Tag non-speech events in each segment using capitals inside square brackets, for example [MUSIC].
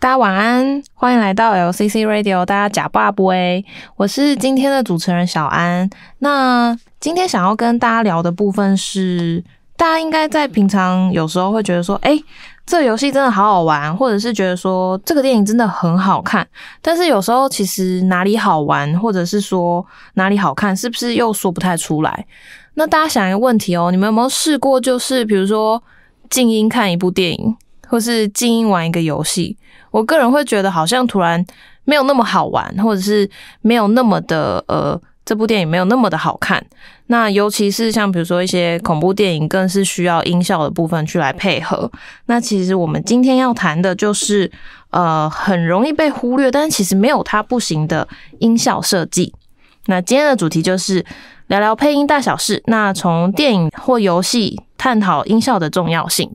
大家晚安，歡迎來到 LCC Radio。大家假霸不哎，我是今天的主持人小安。那今天想要跟大家聊的部分是，大家應該在平常有時候會覺得說，哎、欸，這個遊戲真的好好玩，或者是覺得說這個電影真的很好看。但是有時候其實哪裡好玩，或者是說哪裡好看，是不是又說不太出來？那大家想一個問題哦、喔，你們有沒有試過，就是比如說靜音看一部電影，或是靜音玩一個遊戲？我個人會覺得好像突然沒有那麼好玩，或者是沒有那麼的呃，這部電影沒有那麼的好看。那尤其是像比如說一些恐怖電影，更是需要音效的部分去來配合。那其實我們今天要談的就是呃，很容易被忽略，但是其實沒有它不行的音效設計。那今天的主題就是聊聊配音大小事，那從電影或遊戲探討音效的重要性。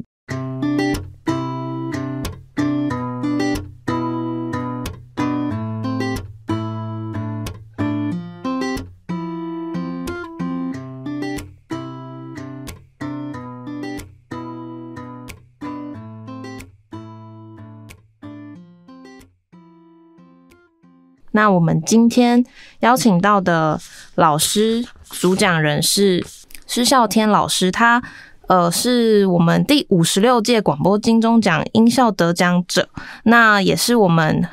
那我們今天邀請到的老師主講人是施嘯天老師，他呃是我們第五十六屆廣播金鐘獎音效得獎者，那也是我們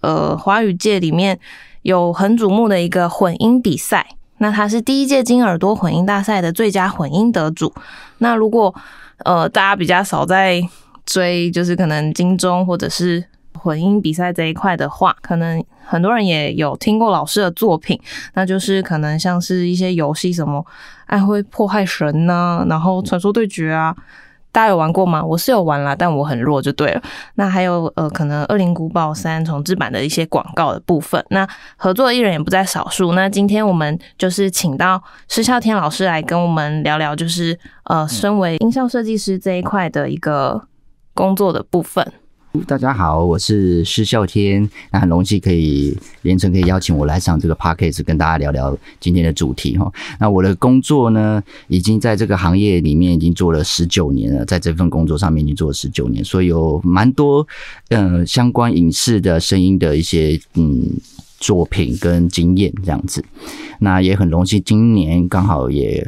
呃華語界裡面有很矚目的一個混音比賽，那他是第一屆金耳朵混音大賽的最佳混音得主，那如果呃大家比較少在追，就是可能金鐘或者是混音比賽這一塊的話，可能很多人也有聽過老師的作品，那就是可能像是一些遊戲，什麼《暗黑破壞神》呢，啊，然後《傳說對決》啊，大家有玩過嗎？我是有玩啦，但我很弱就對了。那還有呃，可能《惡靈古堡三》重置版的一些廣告的部分，那合作藝人也不在少數。那今天我們就是請到施嘯天老師來跟我們聊聊，就是呃，身為音效設計師這一塊的一個工作的部分。大家好，我是施嘯天。那很榮幸可以聯成，可以邀請我來上這個 Podcast 跟大家聊聊今天的主題哈。那我的工作呢，已經在這個行業裡面已經做了十九年了，在這份工作上面已經做了十九年，所以有蠻多嗯、呃、相關影視的聲音的一些嗯作品跟經驗這樣子。那也很榮幸，今年剛好也。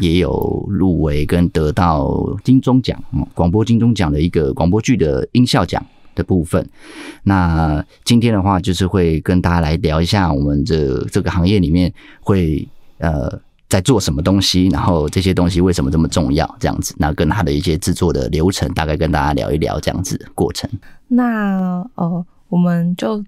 也有入圍跟得到金鐘獎，廣播金鐘獎的一個廣播劇的音效獎的部分。那今天的話，就是會跟大家來聊一下我們這這，這個行業裡面會呃在做什麼東西，然後這些東西為什麼這麼重要，這樣子。那跟他的一些制作的流程，大概跟大家聊一聊這樣子的過程。那呃，我們就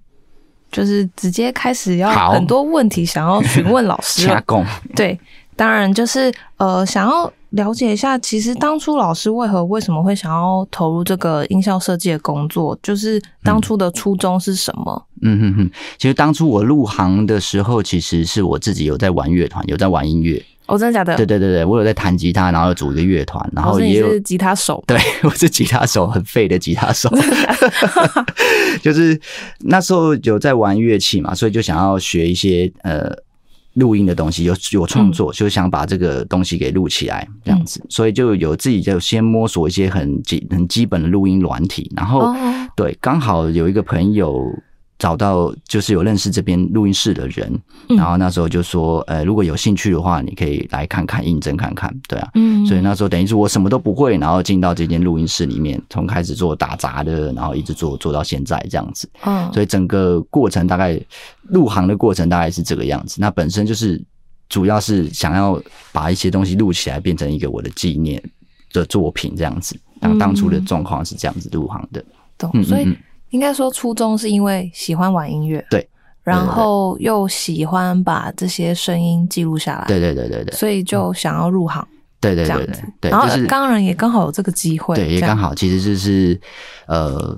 就是直接開始，要很多問題想要詢問老師了， [LAUGHS] 對。當然，就是呃，想要了解一下，其實當初老師為何為什麼會想要投入這個音效設計的工作，就是當初的初衷是什麼？嗯哼哼、嗯嗯嗯，其實當初我入行的時候，其實是我自己有在玩樂團，有在玩音樂。哦，真的假的？對對對對，我有在彈吉他，然後有組一個樂團，然後也有是吉他手。對，我是吉他手，很廢的吉他手。的的 [LAUGHS] [LAUGHS] 就是那時候有在玩樂器嘛，所以就想要學一些呃。錄音的東西有有創作，就想把這個東西給錄起來，這樣子，所以就有自己就先摸索一些很基很基本的錄音軟體，然後對，剛好有一個朋友。找到就是有認識這邊錄音室的人、嗯，然後那時候就說，呃，如果有興趣的話，你可以來看看、應徵看看，對啊。嗯，所以那時候等於是我什麼都不會，然後進到這間錄音室裡面，從開始做打雜的，然後一直做做到現在這樣子、哦。所以整個過程大概入行的過程大概是這個樣子。那本身就是主要是想要把一些東西錄起來，變成一個我的紀念的作品這樣子。當當初的狀況是這樣子入行的，所、嗯、以。嗯嗯嗯嗯應該說，初衷是因為喜歡玩音樂，對，對，對，對，然後又喜歡把這些聲音記錄下來，對對對對對，所以就想要入行，對、嗯、對對對對，然後、就是剛人也剛好有這個機會，對，也剛好，其實就是呃，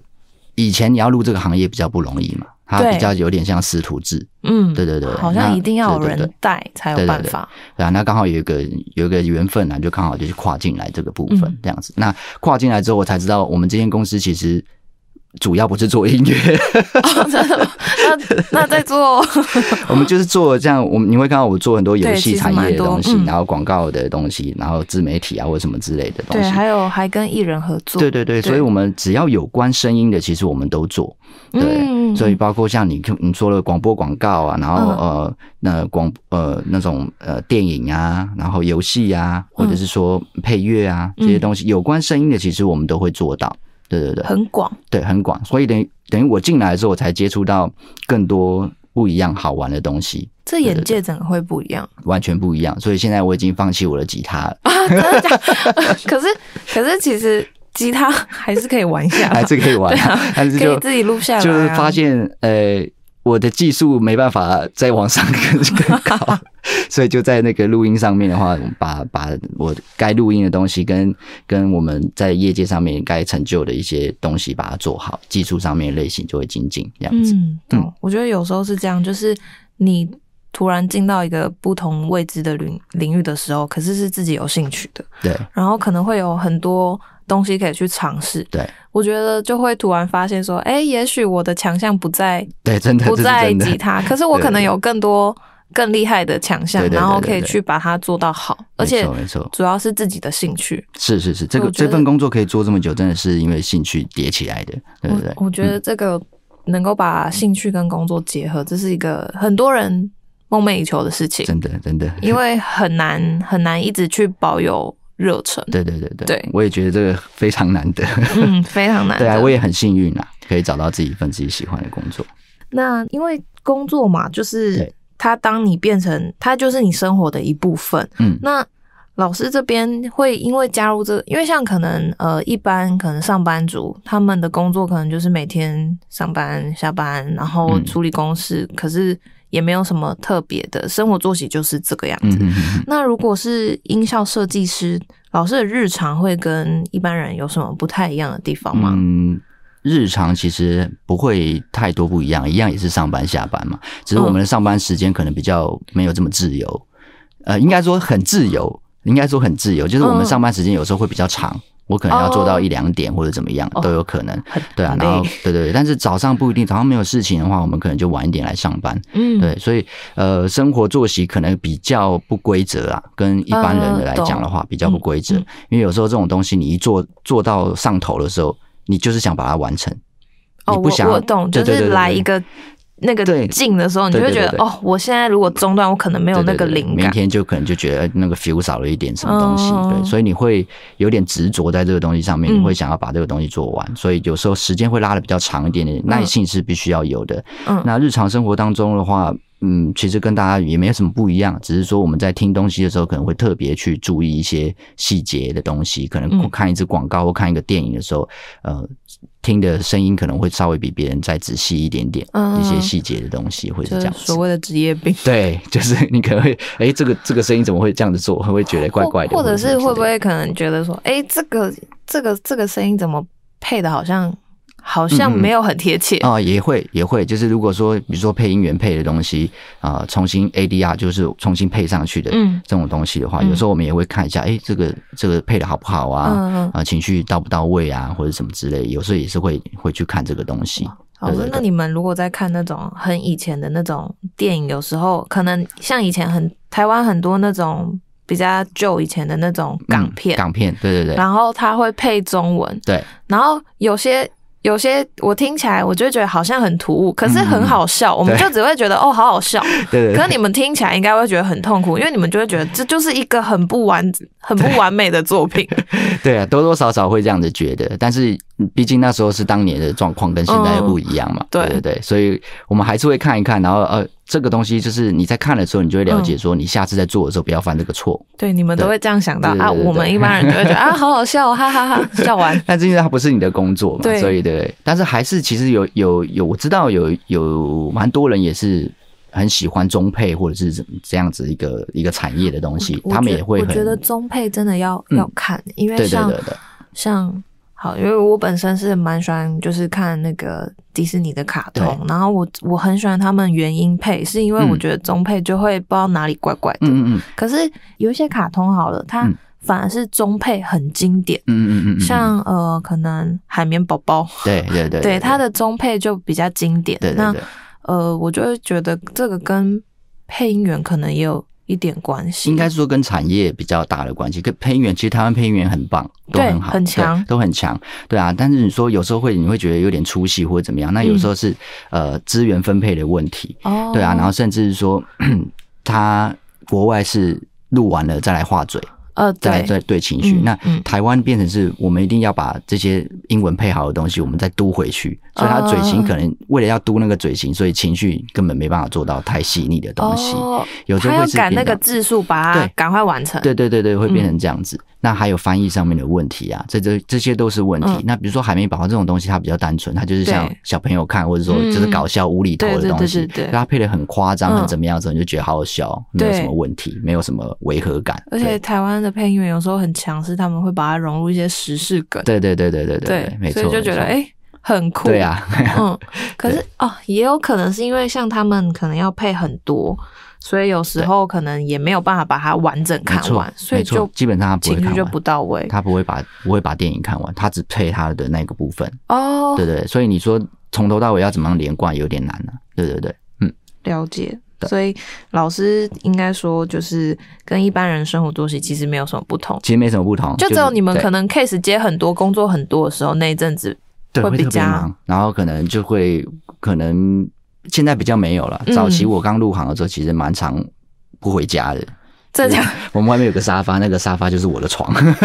以前你要入這個行業比較不容易嘛，對，它比較有點像師徒制，嗯，對對對，好像一定要有人帶才有辦法，對，對，對，對，對啊，那剛好有一個有一個緣分啊，然後就剛好就是跨進來這個部分、嗯、這樣子，那跨進來之後，我才知道我們這間公司其實。主要不是做音樂、哦，那那，那在做、哦， [LAUGHS] 我們就是做了這樣。我們，你會看到我做很多遊戲產業的東西，然後廣告的東西，然後自媒體啊，或者什麼之類的東西。對，還有還跟藝人合作。對對對、對，所以我們只要有關聲音的，其實我們都做。對、嗯，所以包括像你，你說的廣播廣告啊，然後呃，嗯、那廣呃那種呃電影啊，然後遊戲啊，或者是說配樂啊、嗯、這些東西，有關聲音的，其實我們都會做到。對對對，很廣，對很廣，所以等於等於我進來的時候，我才接觸到更多不一樣好玩的東西。這眼界，對對對，怎麼會不一樣？完全不一樣。所以現在我已經放棄我的吉他了，可是、啊、 [LAUGHS] 可是，可是其實吉他還是可以玩一下，還是可以玩、啊，還、啊、是可以自己錄下來、啊，就是發現呃。欸我的技術沒辦法再往上更更高， [LAUGHS] 所以就在那個錄音上面的話，把把我該錄音的東西跟跟我們在業界上面該成就的一些東西把它做好，技術上面的類型就會精進這樣子，嗯。嗯，我覺得有時候是這樣，就是你突然進到一個不同未知的領領域的時候，可是是自己有興趣的，對，然後可能會有很多。東西可以去嘗試，對，我覺得就會突然發現說，哎、欸，也許我的強項不在，不在吉他，可是我可能有更多更厲害的強項，然後可以去把它做到好，對對對對，而，對對對，而且主要是自己的興趣，是是是，這個這份工作可以做這麼久，真的是因為興趣疊起來的，對不對？對，我，我覺得這個能夠把興趣跟工作結合，嗯、這是一個很多人夢寐以求的事情，真的真的，因為很難 [LAUGHS] 很難一直去保有。熱忱，對對對對，對，我也覺得這個非常難得。嗯，非常難得。 [LAUGHS] 對啊，我也很幸運啊，可以找到自己一份自己喜歡的工作。那因為工作嘛，就是它，當你變成它，就是你生活的一部分。嗯，那老師這邊會因為加入這個嗯，因為像可能呃，一般可能上班族他們的工作可能就是每天上班下班，然後處理公事，嗯、可是。也沒有什麼特別的，生活作息就是這個樣子。嗯、那如果是音效設計師，老師的日常，會跟一般人有什麼不太一樣的地方嗎？嗯，日常其實不會太多不一樣，一樣也是上班下班嘛。只是我們的上班時間可能比較沒有這麼自由，嗯、呃，應該說很自由，應該說很自由，就是我們上班時間有時候會比較長。嗯我可能要做到一兩點，或者怎麼樣、oh, 都有可能，oh, 對啊，然後對對對，但是早上不一定，早上沒有事情的話，我們可能就晚一點來上班，嗯，對，所以呃，生活作息可能比較不規則啊，跟一般人的來講的話、嗯、比較不規則、嗯嗯，因為有時候這種東西你一做做到上頭的時候，你就是想把它完成，哦、你不想要我，我懂、就是對對對對對對，就是來一個。那個勁的時候，你就會覺得，對對對對對哦，我現在如果中斷，我可能沒有那個靈感對對對。明天就可能就覺得那個 feel 少了一點什麼東西，嗯、對，所以你會有點執着在這個東西上面，你會想要把這個東西做完。嗯、所以有時候時間會拉得比較長一點點，耐性是必須要有的、嗯。那日常生活當中的話，嗯，其實跟大家也沒有什麼不一樣，只是說我們在聽東西的時候，可能會特別去注意一些細節的東西。可能看一次廣告或看一個電影的時候，呃。聽的聲音可能會稍微比別人再仔細一點點，一些細節的東西或、嗯、是這樣。所謂的職業病，對，就是你可能會，哎、欸，這個這個聲音怎麼會這樣子做？會不會覺得怪怪的或，或者是會不會可能覺得說，哎、嗯欸，這個這個這個聲音怎麼配的好像？好像沒有很貼切啊、嗯呃，也會也會，就是如果說比如說配音員配的東西啊、呃，重新 ADR 就是重新配上去的這種東西的話，嗯、有時候我們也會看一下，誒、嗯欸，這個這個配的好不好啊？啊、嗯呃，情緒到不到位啊，或者什麼之類，有時候也是會會去看這個東西。哦、嗯，對對對，好，那你們如果在看那種很以前的那種電影，有時候可能像以前很台灣很多那種比較舊以前的那種港片，港、嗯、片，對對對，然後他會配中文，對，然後有些。有些我聽起來，我就會覺得好像很突兀，可是很好笑，嗯、我們就只會覺得哦，好好笑。對，對，對，可是你們聽起來應該會覺得很痛苦，因為你們就會覺得這就是一個很不完、很不完美的作品。對，對啊，多多少少會這樣子覺得，但是畢竟那時候是當年的狀況跟現在又不一樣嘛、嗯對。對對對，所以我們還是會看一看，然後呃。這個東西就是你在看的時候，你就會了解說，你下次在做的時候不要犯這個錯、嗯、對，你們都會這樣想到對對對對啊。我們一般人就會覺得 [LAUGHS] 啊，好好笑，哈哈哈，哈，笑完。 [LAUGHS] 但因為它不是你的工作嘛，對，所以對，但是還是其實有有有，我知道有有蠻多人也是很喜歡中配或者是這樣子一個一個產業的東西，嗯、他們也會很，我覺得中配真的要、嗯、要看，因為像對對對對對像。好，因為我本身是蠻喜歡，就是看那個迪士尼的卡通，然後我我很喜歡他們原音配，是因為我覺得中配就會不知道哪裡怪怪的，嗯，可是有一些卡通好了，它反而是中配很經典，嗯嗯，像呃可能海綿寶寶，對對，對對對，對它的中配就比較經典，對對對對對，那呃我就會覺得這個跟配音員可能也有。一點關係，應該是說跟產業比較大的關係。跟配音員，其實台灣配音員很棒，都很好，很強，都很強，對啊。但是你說有時候會，你會覺得有點出戲或者怎麼樣。那有時候是、嗯、呃資源分配的問題、哦，對啊。然後甚至是說他國外是錄完了再來畫嘴，呃，對再再對情緒、嗯。那台灣變成是我們一定要把這些英文配好的東西，我們再嘟回去。所以，他嘴型可能為了要嘟那個嘴型，所以情緒根本沒辦法做到太細膩的東西。Oh, 有時候會是他會趕那個字數，把它趕快完成。對對對對，會變成這樣子。嗯、那還有翻譯上面的問題啊，這這這些都是問題。嗯、那比如說《海綿寶寶》這種東西，它比較單純，它就是像小朋友看，或者說就是搞笑無厘、嗯、頭的東西。對對對對，對，對，它配的很誇張，很怎麼樣子、嗯、你就覺得好笑，沒有什麼問題，沒有什麼違和感。而且台灣的配音員有時候很強勢，他們會把它融入一些時事梗。對對對對對對，對，對，對，對，沒錯，就覺得哎。欸很酷，對呀、啊， [LAUGHS] 嗯，可是哦，也有可能是因為像他們可能要配很多，所以有時候可能也沒有辦法把它完整看完，所以就基本上他情緒就不到位，他不會把不會把電影看完，他只配他的那個部分哦，對，對對，所以你說從頭到尾要怎麼樣連貫，有點難呢、啊，對對對，嗯，了解，對，所以老師應該說就是跟一般人生活作息其實沒有什麼不同，其實沒什麼不同，就只有你們可能 case 接很多工作很多的時候那一陣子。對，會特別忙，然後可能就會可能現在比較沒有了。早期我剛入行的時候，其實蠻常不回家的、嗯。這我們外面有個沙發，那個沙發就是我的床 [LAUGHS] 。啊、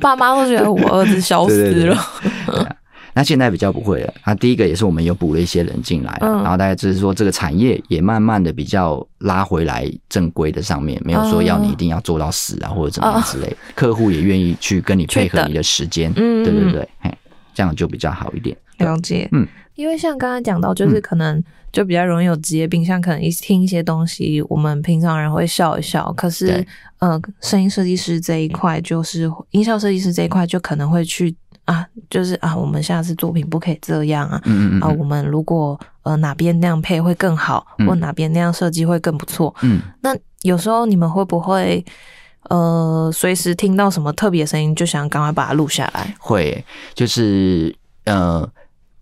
爸媽都覺得我兒子消失了。 [LAUGHS] 對對 [LAUGHS] 啊、那現在比較不會了、啊。那第一個也是我們有補了一些人進來、啊，然後大家就是說這個產業也慢慢的比較拉回來正規的上面，沒有說要你一定要做到死啊或者怎麼樣之類。客戶也願意去跟你配合你的時間，對不對？對。這樣就比較好一點。對。了解，嗯，因為像剛剛講到，就是可能就比較容易有職業病，嗯，像可能一聽一些東西，我們平常人會笑一笑，可是，呃，聲音設計師這一塊，就是音效設計師這一塊，就可能會去啊，就是啊，我們下次作品不可以這樣啊，嗯，嗯，嗯。啊，我們如果呃哪邊那樣配會更好，嗯，或哪邊那樣設計會更不錯，嗯，那有時候你們會不會，呃？隨時聽到什麼特別聲音，就想趕快把它錄下來。會，就是，嗯。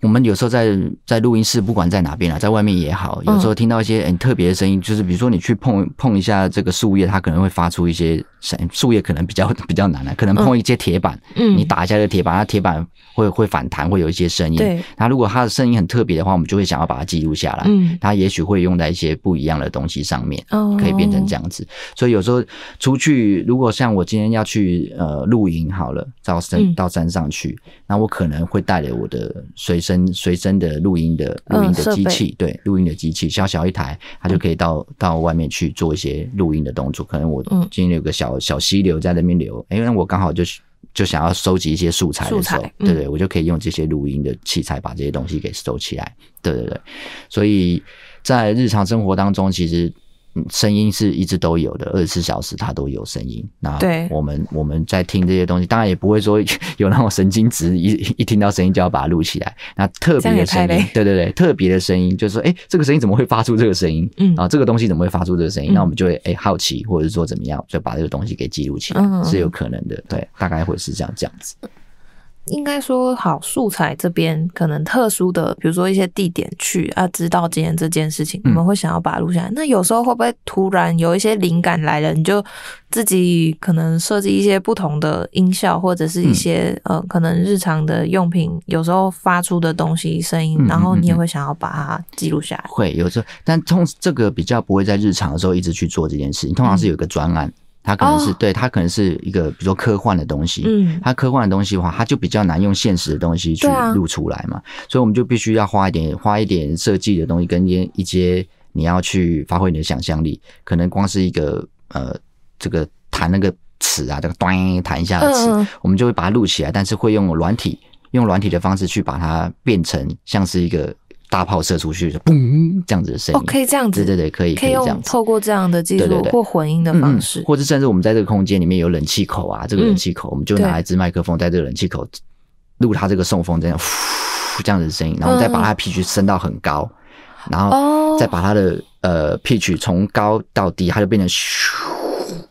我們有時候在在錄音室，不管在哪邊啊，在外面也好，有時候聽到一些很、oh. 欸、特別的聲音，就是比如說你去碰碰一下這個樹葉，它可能會發出一些聲，樹葉可能比較比較難的，可能碰一些鐵板，oh. 你打一下這個鐵板，它、mm. 鐵板會會反彈，會有一些聲音，對。那如果它的聲音很特別的話，我們就會想要把它記錄下來，mm. 它也許會用在一些不一樣的東西上面，可以變成這樣子。Oh. 所以有時候出去，如果像我今天要去呃露營好了，到山到山上去，mm. 那我可能會帶着我的隨身。隨身的錄音的錄音的機器，對，錄音的機器，小小一台，它就可以到到外面去做一些錄音的動作。可能我今天有個小小溪流在那邊流，欸，因為我剛好就是就想要收集一些素材的時候，對對，我就可以用這些錄音的器材把這些東西給收起來。對對對，對，所以在日常生活當中，其實。聲音是一直都有的，二十四小時它都有聲音。那我們對。我們在聽這些東西，當然也不會說有那種神經質，一一聽到聲音就要把它錄起來。那特別的聲音，對對對，特別的聲音，就是說哎，這個聲音怎麼會發出這個聲音？嗯，啊，這個東西怎麼會發出這個聲音？那、嗯、我們就會哎好奇，或者是說怎麼樣，就把這個東西給記錄起來，是有可能的。哦、對，大概會是這樣這樣子。應該說好，好素材這邊可能特殊的，比如說一些地點去啊，知道今天這件事情，你們會想要把它錄下來、嗯。那有時候會不會突然有一些靈感來了，你就自己可能設計一些不同的音效，或者是一些、嗯、呃，可能日常的用品有時候發出的東西聲音、嗯，然後你也會想要把它記錄下來。嗯嗯嗯、會有時候，但通這個比較不會在日常的時候一直去做這件事情，通常是有一個專案。嗯它可能是、oh, 對，它可能是一個比如說科幻的東西、嗯，它科幻的東西的話，它就比較難用現實的東西去錄出來嘛，啊、所以我們就必須要花一點花一點設計的東西跟一一些你要去發揮你的想象力，可能光是一個呃這個彈那個尺啊，這個咚彈一下的尺、嗯嗯，我們就會把它錄起來，但是會用軟體用軟體的方式去把它變成像是一個。大炮射出去就嘣這樣子的聲音，哦、oh,，可以這樣子，對對對，可以，可以用可以這樣子透過這樣的技，技術，或過混音的方式，嗯、或者甚至我們在這個空間裡面有冷氣口啊，這個冷氣口、嗯，我們就拿一支麥克風在這個冷氣口錄它這個送風這樣呼呼，這樣子的聲音然的、嗯，然後再把它的 pitch 升到很高，然後再把它的呃 pitch 從高到低，它就變成咻，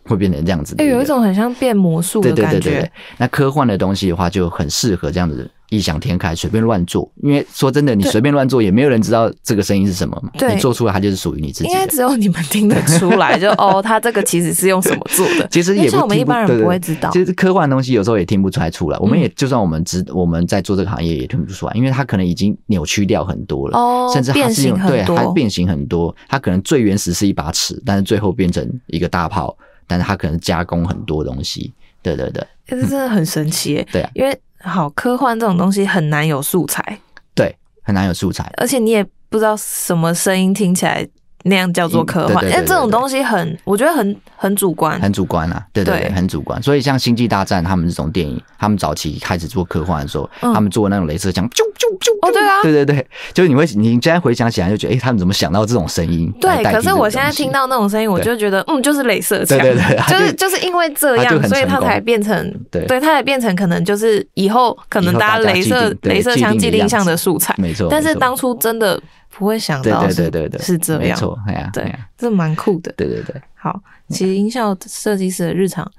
會變成這樣子的，哎、欸，有一種很像變魔術對，對對對對。那科幻的東西的話，就很適合這樣子的。異想天開，隨便亂做，因為說真的，你隨便亂做，也沒有人知道這個聲音是什麼嘛。對。你做出來它就是屬於你自己的。因為只有你們聽得出來就，就 [LAUGHS] 哦，它這個其實是用什麼做的？其實也不，不，我們一般人不會知道，對對對，其實科幻東西有時候也聽不出來出來。嗯、我們也，就算我們知我們在做這個行業也聽不出來，因為它可能已經扭曲掉很多了。哦，甚至是用變形很多對，它變形很多，它可能最原始是一把尺，但是最後變成一個大炮，但是它可能加工很多東西。對對對。這、嗯、真的很神奇、欸、對啊，因為。好，科幻這種東西很難有素材，對，很難有素材，而且你也不知道什麼聲音聽起來。那樣叫做科幻，哎、嗯，對對對對對，因為這種東西很，對對對我覺得很很主觀，很主觀啊，對對，對，對，很主觀。所以像《星際大戰》他們這種電影，他們早期開始做科幻的時候，嗯、他們做那種鐳射槍，啾，啾啾啾。哦，對啊，對對對，就是你會，你現在回想起來就覺得，哎、欸，他們怎麼想到這種聲音種？對，可是我現在聽到那種聲音，我就覺得，嗯，就是鐳射槍，對對對，就是就是因為這樣、啊，所以它才變成，對，對，它才變成可能就是以後可能大家鐳射鐳射槍既定印象的素材，沒錯。但是當初真的。不會想到是，對對對對對，是這樣，沒錯，對呀、對啊，對，對啊，這蠻酷的，對對對。好，其實音效設計師的日常，啊，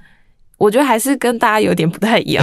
我覺得還是跟大家有點不太一樣，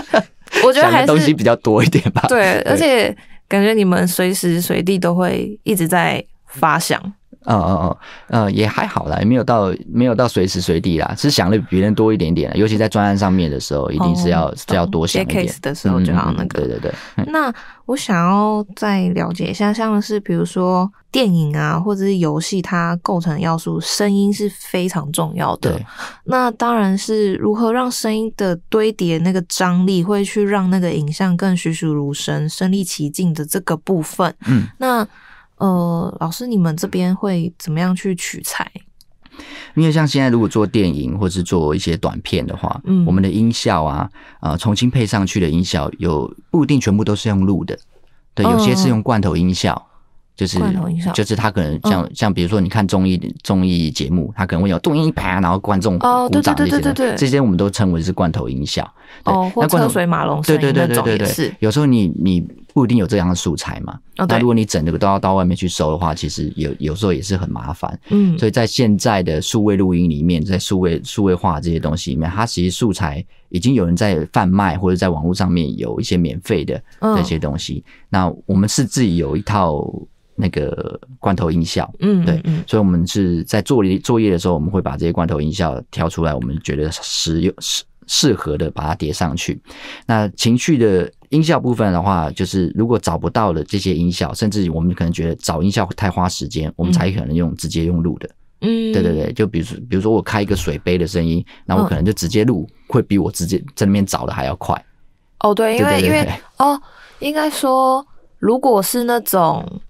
[LAUGHS] 我覺得還是 [LAUGHS] 東西比較多一點吧。對，對，而且感覺你們隨時隨地都會一直在發想。哦哦哦，呃，也還好啦，也沒有到沒有到隨時隨地啦，只是想的比別人多一點點啦，尤其在專案上面的時候，一定是要，哦，要多想一點 case 的時候就要那個、嗯嗯。對對對。那我想要再了解一下，像是比如說電影啊，或者是遊戲，它構成要素，聲音是非常重要的。那當然是如何讓聲音的堆疊那個張力，會去讓那個影像更栩栩如生、身歷其境的這個部分。嗯，那。呃，老師，你們這邊會怎麼樣去取材？因為像現在，如果做電影或是做一些短片的話，嗯，我們的音效啊，啊、呃，重新配上去的音效有不一定全部都是用錄的，對，有些是用罐頭音效，呃、就是就是他可能像、嗯、像比如說你看綜藝綜藝節目，他可能會有動音一拍，然後觀眾鼓掌這些、呃對對對對對，這些我們都稱為是罐頭音效，對哦，那罐頭或車水馬龍聲對，對對對對對對，有時候你你。不一定有這樣的素材嘛？Okay. 那如果你整個都要到外面去搜的話，其實有有時候也是很麻煩。嗯，所以在現在的數位錄音裡面，在數位數位化這些東西裡面，它其實素材已經有人在販賣，或者在網絡上面有一些免費的這些東西。Oh. 那我們是自己有一套那個罐頭音效，嗯，嗯，嗯，對，所以我們是在做作業的時候，我們會把這些罐頭音效挑出來，我們覺得實用是。適合的把它疊上去。那情緒的音效部分的話，就是如果找不到了這些音效，甚至我們可能覺得找音效太花時間，我們才可能用直接用錄的。嗯，對對對。就比如說，比如說我開一個水杯的聲音，那我可能就直接錄，嗯，會比我直接在裡面找的還要快。哦，對，因為，對對對，因為哦，應該說，如果是那種。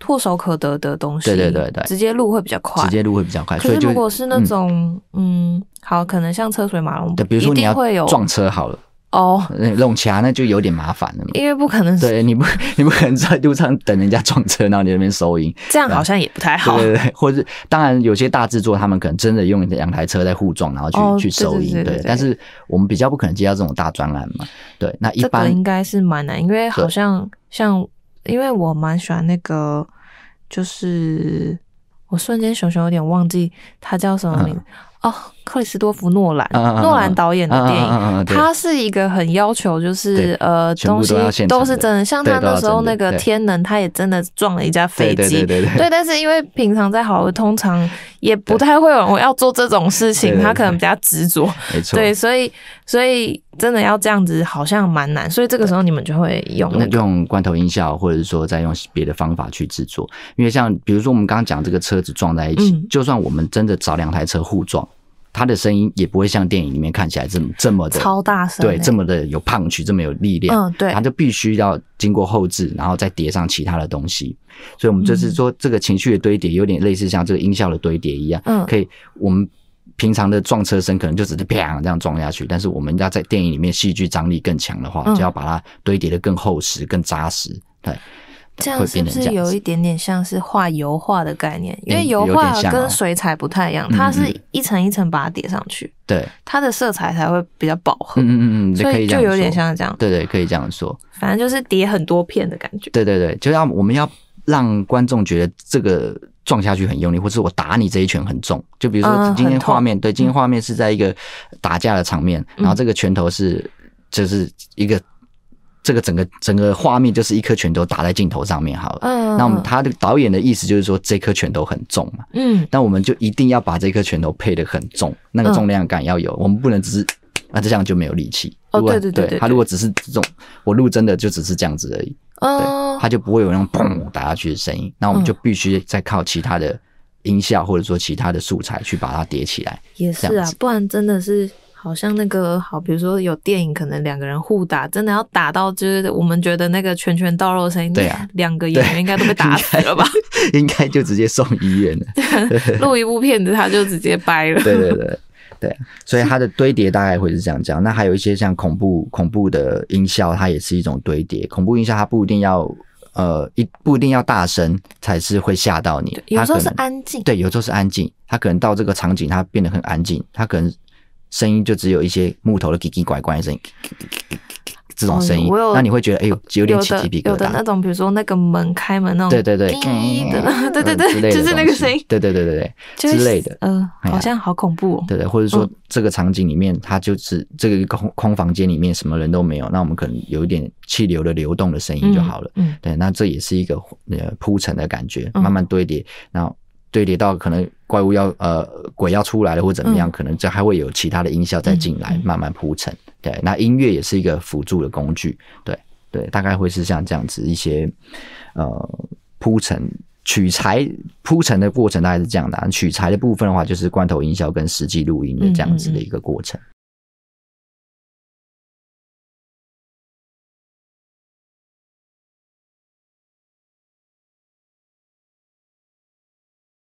唾手可得的東西，對對對對，直接錄會比較快，直接錄會比較快。所以如果是那種嗯，嗯，好，可能像車水馬龍，對，比如說你要會有撞車好了，哦，弄掐那就有點麻煩了嘛。因為不可能是，對，你不你不可能在路上等人家撞車，然後你那邊收音，這樣好像也不太好。對對對，或者是當然有些大製作，他們可能真的用兩台車在互撞，然後去、哦、去收音，對。但是我們比較不可能接到這種大專欄嘛，對。那一般、這個、應該是蠻難，因為好像像。因為我蠻喜歡那個，就是我瞬間熊熊有點忘記他叫什麼名，啊，哦。克里斯多夫·諾、啊、蘭、啊啊啊，諾蘭導演的電影，他、啊啊啊啊啊、是一個很要求，就是呃，東西都是真的。像他那時候那個天能，他也真的撞了一架飛機。對，但是因為平常在好，通常也不太會有人要做這種事情，對對對對，他可能比較執着， [LAUGHS] 沒錯。對，所以所以真的要這樣子，好像蠻難。所以這個時候你們就會用就用罐頭音效，或者是說再用別的方法去制作。因為像比如說我們剛剛講這個車子撞在一起，嗯、就算我們真的找兩台車互撞。他的聲音也不會像電影裡面看起來這麼這麼的超大聲、欸，對，這麼的有 punch，這麼有力量。嗯，對，他就必須要經過後製，然後再疊上其他的東西。所以，我們就是說，這個情緒的堆疊有點類似像這個音效的堆疊一樣。嗯，可以。我們平常的撞車聲可能就只是啪這樣撞下去，但是我們要在電影裡面戲劇張力更強的話，就要把它堆疊得更厚實、更紮實。對。會變成這樣子，這樣是不是有一點點像是畫油畫的概念？因為油畫跟水彩不太一樣，欸哦、它是一層一層把它疊上去，對、嗯嗯，它的色彩才會比較飽和。嗯嗯嗯，所以就有點像這樣。對、嗯、對、嗯嗯，可以這樣說。反正就是疊很多片的感覺。對對對，就要我們要讓觀眾覺得這個撞下去很用力，或者我打你這一拳很重。就比如說今天畫面，嗯，對，今天畫面是在一個打架的場面，嗯，然後這個拳頭是就是一個。這個整個整個畫面就是一顆拳頭打在鏡頭上面好了。哦、那我們他的導演的意思就是說，這顆拳頭很重嘛。嗯。那我們就一定要把這顆拳頭配得很重，嗯、那個重量感要有。我們不能只是那、啊、這樣就沒有力氣。哦對對對，對對對。他如果只是這種，我錄真的就只是這樣子而已。哦對。他就不會有那種砰打下去的聲音、嗯。那我們就必須再靠其他的音效或者說其他的素材去把它疊起來。也是啊，不然真的是。好像那個好，比如說有電影，可能兩個人互打，真的要打到就是我們覺得那個拳拳到肉的聲音，對呀、啊，兩個演員應該都被打死了吧？應該, [LAUGHS] 應該就直接送醫院了。錄、啊、 [LAUGHS] 一部片子，他就直接掰了。對對對對,對,對、啊，所以它的堆疊大概會是這樣講。 [LAUGHS] 那還有一些像恐怖恐怖的音效，它也是一種堆疊。恐怖音效它不一定要呃一不一定要大聲才是會嚇到你。對，有時候是安靜。對，有時候是安靜。它可能到這個場景，它變得很安靜。它可能。聲音就只有一些木頭的嘰嘰拐拐的聲音，這種聲音，嗯、那你會覺得哎呦，有點起雞皮疙瘩。有的那種，比如說那個門開門那種嘰嘰的，對對對，對對對，就是那個聲音，對對對對對，之類的，嗯、就是呃，好像好恐怖、哦。對、嗯、對，或者說這個場景裡面，它就是這個空空房間裡面什麼人都沒有，那我們可能有一點氣流的流動的聲音就好了。嗯嗯、對，那這也是一個呃鋪陳的感覺，慢慢堆疊、嗯，然後堆疊到可能怪物要呃鬼要出來了或怎麼樣，嗯、可能這還會有其他的音效再進來嗯嗯，慢慢鋪陳。對，那音樂也是一個輔助的工具。對對，大概會是像這樣子一些呃鋪陳取材鋪陳的過程大概是這樣的、啊，取材的部分的話就是罐頭音效跟實際錄音的這樣子的一個過程。嗯嗯